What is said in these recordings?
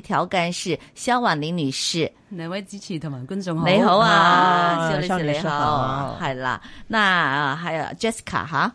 調幹事肖婉玲女士，兩位主持同埋觀眾你好，好啊，蕭、啊、女士你好，係、啊、 啦，嗱係啊 Jessica 吓。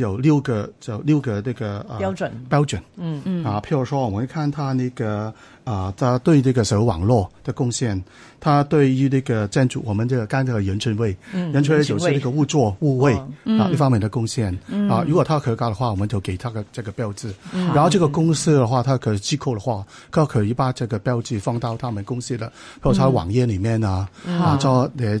有六個就六個那個、呃、標準標準嗯嗯啊譬如說，我們看他那個啊、呃、他對這個社會網絡的貢獻，他對於那個建築我們這個干這個原真位，嗯原真位，有些那個物作物位、哦、啊一、嗯、方面的貢獻、嗯、啊如果他合格的話我們就給他個這個標誌、嗯、然後這個公司的話他可以機構的話他、嗯、可，可以把這個標誌放到他們公司的或者他的網頁裏面啊、嗯、啊做、嗯啊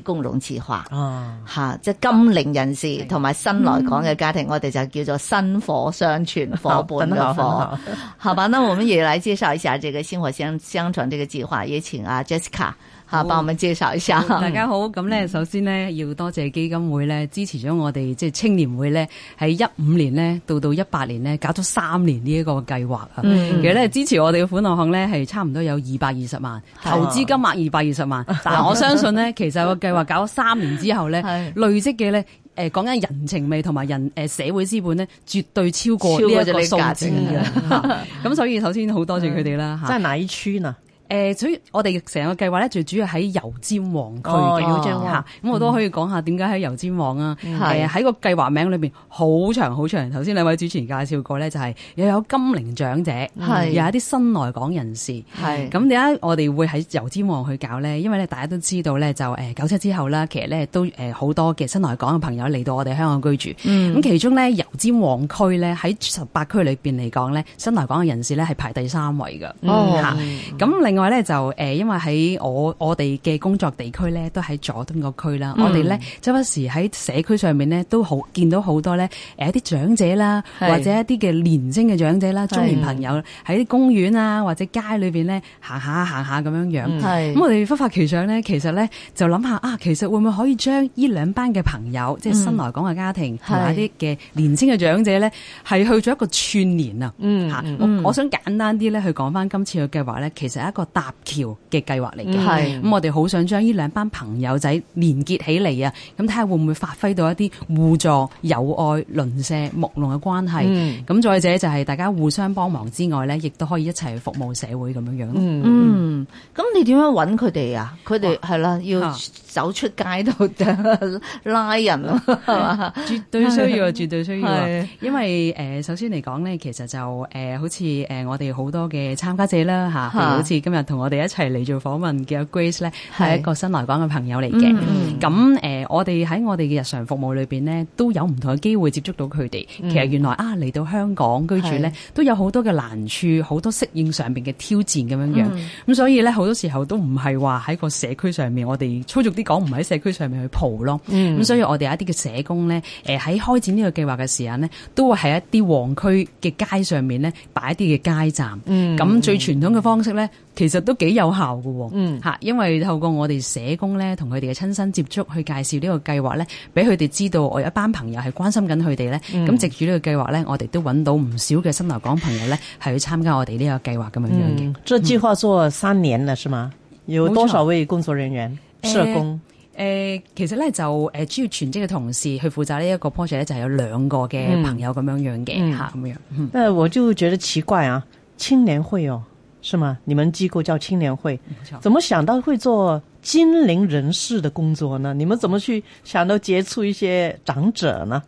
共融計劃，吓、哦、即係金領人士同埋新來港嘅家庭，嗯、我哋就叫做薪火相傳夥伴嘅火，火好好，好吧？好 那我們也來介紹一下這個薪火相相傳這個計劃，也請啊 Jessica。吓，幫我哋介紹一下。哦、大家好，咁咧，首先呢，要多謝基金會咧，支持咗我哋，即係青年會咧，喺一五年呢，到到一八年呢，搞咗三年呢一個計劃。嗯，其實咧，支持我哋嘅款項咧，係差唔多有二百二十萬、啊，投資金額二百二十萬。但係我相信呢，其實個計劃搞咗三年之後咧，累積嘅咧，誒，講緊人情味同埋人誒社會資本咧，絕對超過呢一個數字嘅。咁、啊、所以首先好多謝佢哋啦。真係乃村啊！誒、呃，所以我哋成個計劃咧，最主要喺油尖旺區嘅嚇，咁、哦哦、我都可以講下點解喺油尖旺啊？喺、嗯呃、個計劃名裏面，好長好長。頭先兩位主持人介紹過咧，就係、是、又有金齡長者，係又有一啲新來港人士，咁點解我哋會喺油尖旺去搞咧？因為咧，大家都知道咧，就九七之後啦，其實咧都好多嘅新來港嘅朋友嚟到我哋香港居住，咁、嗯、其中咧油尖旺區咧喺十八區裏面嚟講咧，新來港嘅人士咧係排第三位㗎，咁、嗯嗯啊、另。另外咧就誒因為喺我我哋嘅工作地區咧，都喺佐敦個區啦。我哋咧周不時喺社區上面咧，都好見到好多咧誒一啲長者啦，或者一啲嘅年青嘅長者啦、中年朋友喺啲公園啊或者街裏邊咧行下行下咁樣樣。咁我哋忽發奇想咧，其實咧就諗下啊，其實會唔會可以將呢兩班嘅朋友，嗯、即係新來港嘅家庭同埋一啲嘅年青嘅長者咧，係去咗一個串聯啊？嗯，嚇我，我想簡單啲咧去講翻今次嘅計劃咧，其實一個搭橋嘅計劃嚟嘅，咁、嗯、我哋好想將呢兩班朋友仔連結起嚟啊！咁睇下會唔會發揮到一啲互助友愛、鄰舍睦鄰嘅關係？咁、嗯、再者就係大家互相幫忙之外咧，亦都可以一齊去服務社會咁樣樣。嗯，咁、嗯嗯嗯、你點樣揾佢哋啊？佢哋係啦，要。啊走出街度 拉人咯，係嘛？絕對需要啊！ 絕對需要啊！因為誒、呃、首先嚟講咧，其實就誒、呃、好似誒我哋好多嘅參加者啦吓，譬如好似今日同我哋一齊嚟做訪問嘅 Grace 咧，係一個新來港嘅朋友嚟嘅。咁誒、嗯嗯呃、我哋喺我哋嘅日常服務裏邊咧，都有唔同嘅機會接觸到佢哋。嗯嗯其實原來啊，嚟到香港居住咧，都有好多嘅難處，好多適應上邊嘅挑戰咁樣樣，咁、嗯嗯、所以咧，好多時候都唔係話喺個社區上面，我哋操縱啲。講唔喺社區上面去蒲咯，咁、嗯、所以我哋有一啲嘅社工咧，誒喺開展呢個計劃嘅時間呢，都會喺一啲旺區嘅街上面咧擺一啲嘅街站，咁、嗯、最傳統嘅方式咧、嗯，其實都幾有效嘅，吓、嗯，因為透過我哋社工咧，同佢哋嘅親身接觸去介紹呢個計劃咧，俾佢哋知道我有一班朋友係關心緊佢哋咧，咁、嗯、藉住呢個計劃咧，我哋都揾到唔少嘅新來港朋友咧，係去參加我哋呢個計劃咁樣、嗯、樣嘅。呢個計劃做三年啦，是嘛？有多少位工作人員？社工，誒、呃呃，其實呢，就誒，主、呃、要全職嘅同事去負責呢一個 project 呢就係、是、有兩個嘅朋友咁樣樣嘅吓，咁、嗯嗯、樣。嗯、我就覺得奇怪啊，青年會哦，是嗎？你們機構叫青年會，怎麼想到會做金齡人士的工作呢？你們怎麼去想到接觸一些長者呢？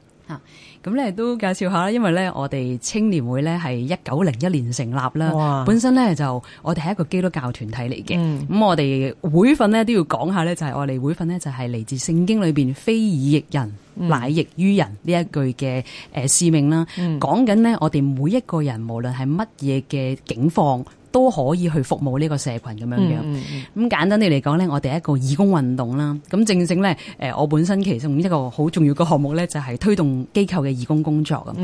咁咧都介紹下啦，因為咧我哋青年會咧係一九零一年成立啦，本身咧就我哋係一個基督教團體嚟嘅，咁、嗯、我哋會訓咧都要講下咧，就係我哋會訓呢，就係嚟自聖經裏面「非以役人、嗯、乃役於人」呢一句嘅誒使命啦，講緊呢，我哋每一個人無論係乜嘢嘅境況，都可以去服務呢個社群咁樣樣。咁、嗯嗯嗯、簡單地嚟講呢我哋一個義工運動啦。咁正正呢，我本身其中一個好重要嘅項目呢，就係推動機構嘅義工工作。咁、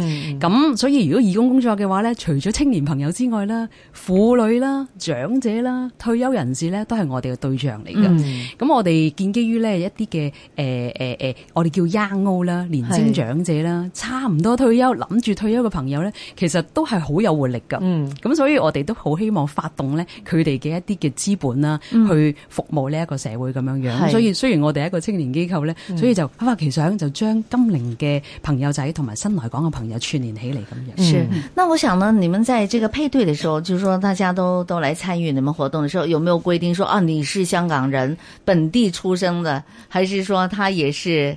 嗯，所以如果義工工作嘅話呢，除咗青年朋友之外啦，婦女啦、長者啦、退休人士呢，都係我哋嘅對象嚟嘅。咁、嗯、我哋建基於呢一啲嘅、呃呃呃、我哋叫 young old 啦，年青長者啦，差唔多退休，諗住退休嘅朋友呢，其實都係好有活力㗎。咁、嗯、所以，我哋都好希望。望發動咧，佢哋嘅一啲嘅資本啦，去服務呢一個社會咁樣樣。所以雖然我哋係一個青年機構咧、嗯，所以就發發奇想，就將金陵嘅朋友仔同埋新來港嘅朋友串聯起嚟咁樣。是，那我想呢，你們在這個配對的時候，就是說大家都都來參與你們活動的時候，有沒有規定說啊，你是香港人本地出生的，還是說他也是？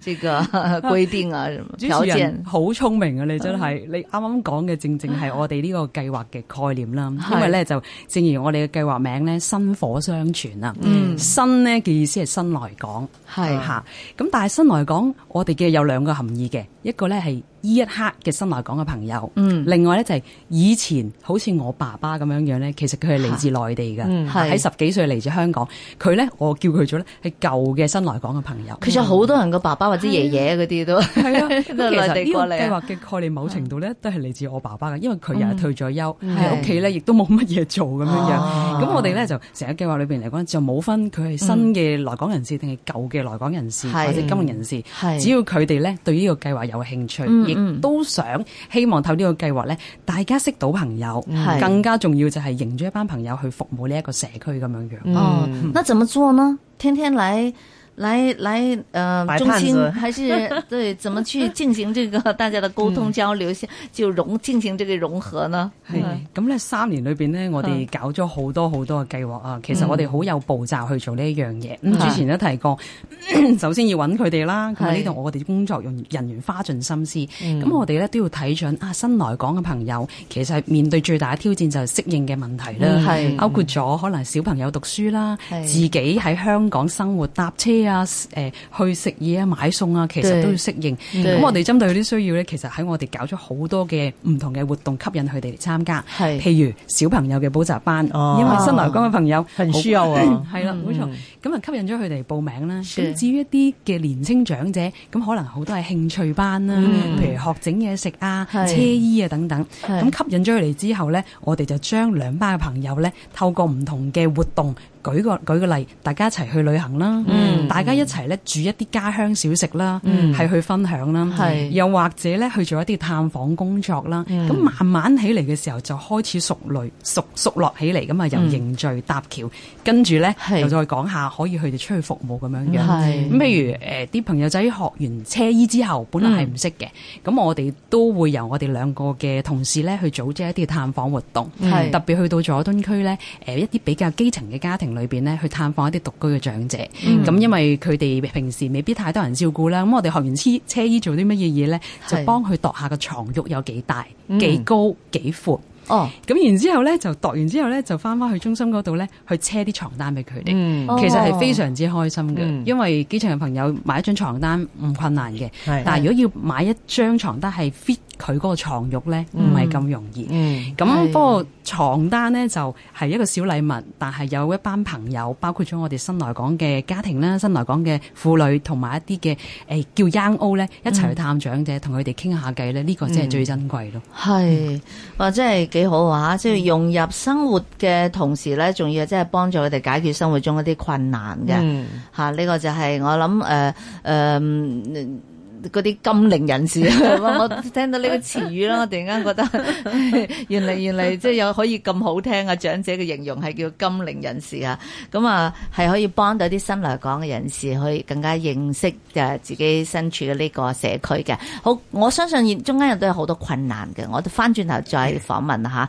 這個規 定啊，什麼？主持人好聰明啊！你真係，你啱啱講嘅正正係我哋呢個計劃嘅概念啦。因為咧就，正如我哋嘅計劃名咧，薪火相傳啊。嗯。薪咧嘅意思係新來港，係吓。咁、嗯、但係新來港，我哋嘅有兩個含義嘅，一個咧係呢一刻嘅新來港嘅朋友，嗯。另外咧就係以前，好似我爸爸咁樣樣咧，其實佢係嚟自內地嘅，嗯，係十幾歲嚟自香港，佢咧我叫佢做咧係舊嘅新來港嘅朋友。其實好多人個爸爸。或者爺爺嗰啲都係啊，咁其實呢個計劃嘅概念，某程度咧都係嚟自我爸爸嘅，因為佢又退咗休，喺屋企咧亦都冇乜嘢做咁樣樣。咁我哋咧就成個計劃裏邊嚟講，就冇分佢係新嘅來港人士定係舊嘅來港人士或者金融人士，只要佢哋咧對呢個計劃有興趣，亦都想希望透過呢個計劃咧，大家識到朋友，更加重要就係迎住一班朋友去服務呢一個社區咁樣樣。哦，那怎麼做呢？天天嚟。來來，誒、呃，中心還是對，怎麼去進行這個 大家的溝通交流，就融進行這個融合呢？咁、嗯、咧三年裏邊咧，我哋搞咗好多好多嘅計劃啊！其實我哋好有步驟去做呢一樣嘢。咁、嗯、之前都提過， 首先要搵佢哋啦。咁呢度我哋工作用人員花盡心思。咁、嗯、我哋咧都要睇準啊，新來港嘅朋友，其實面對最大嘅挑戰就係適應嘅問題啦。係、嗯、包括咗可能小朋友讀書啦，自己喺香港生活搭車啊。啊、呃！去食嘢啊，買餸啊，其實都要適應。咁我哋針對嗰啲需要咧，其實喺我哋搞咗好多嘅唔同嘅活動，吸引佢哋嚟參加。係，譬如小朋友嘅補習班、哦，因為新來港嘅朋友好需要係啦，冇、哦啊 嗯、錯。咁啊，吸引咗佢哋嚟報名啦。咁至於一啲嘅年青長者，咁可能好多係興趣班啦、嗯，譬如學整嘢食啊、車衣啊等等。咁吸引咗佢哋之後咧，我哋就將兩班嘅朋友咧，透過唔同嘅活動。舉個舉個例，大家一齊去旅行啦、嗯嗯，大家一齊咧煮一啲家鄉小食啦，係、嗯、去分享啦，又或者咧去做一啲探訪工作啦。咁慢慢起嚟嘅時候，就開始熟累熟熟落起嚟咁嘛，又凝聚搭橋，跟住咧又再講下可以佢哋出去服務咁樣樣。咁譬如啲、呃、朋友仔學完車衣之後，本來係唔識嘅，咁、嗯、我哋都會由我哋兩個嘅同事咧去組織一啲探訪活動，特別去到佐敦區咧誒、呃、一啲比較基層嘅家庭。裏邊咧去探訪一啲獨居嘅長者，咁、嗯、因為佢哋平時未必太多人照顧啦，咁我哋學完車車衣做啲乜嘢嘢咧，就幫佢度下個床褥有幾大、幾、嗯、高、幾闊。哦，咁然之後咧就度完之後咧就翻翻去中心嗰度咧去車啲床單俾佢哋，其實係非常之開心嘅、哦，因為機場嘅朋友買一張床單唔困難嘅，但係如果要買一張床單係 fit 佢嗰個牀褥咧唔係咁容易，咁、嗯嗯、不過床單呢，就係、是、一個小禮物，但係有一班朋友，包括咗我哋新來港嘅家庭啦、新來港嘅婦女同埋一啲嘅、欸、叫 young old 咧一齊去探長者，同佢哋傾下偈咧，呢、這個真係最珍貴咯。係或者係幾好啊！即、就、係、是、融入生活嘅同時咧，仲、嗯、要即係幫助佢哋解決生活中一啲困難嘅，吓呢個就係、是、我諗誒、呃呃呃嗰啲金齡人士， 我聽到呢個詞語啦，我突然間覺得， 原嚟原嚟即係有可以咁好聽啊！長者嘅形容係叫金齡人士啊，咁啊係可以幫到啲新來港嘅人士去更加認識誒自己身處嘅呢個社區嘅。好，我相信中間人都有好多困難嘅，我翻轉頭再訪問一下。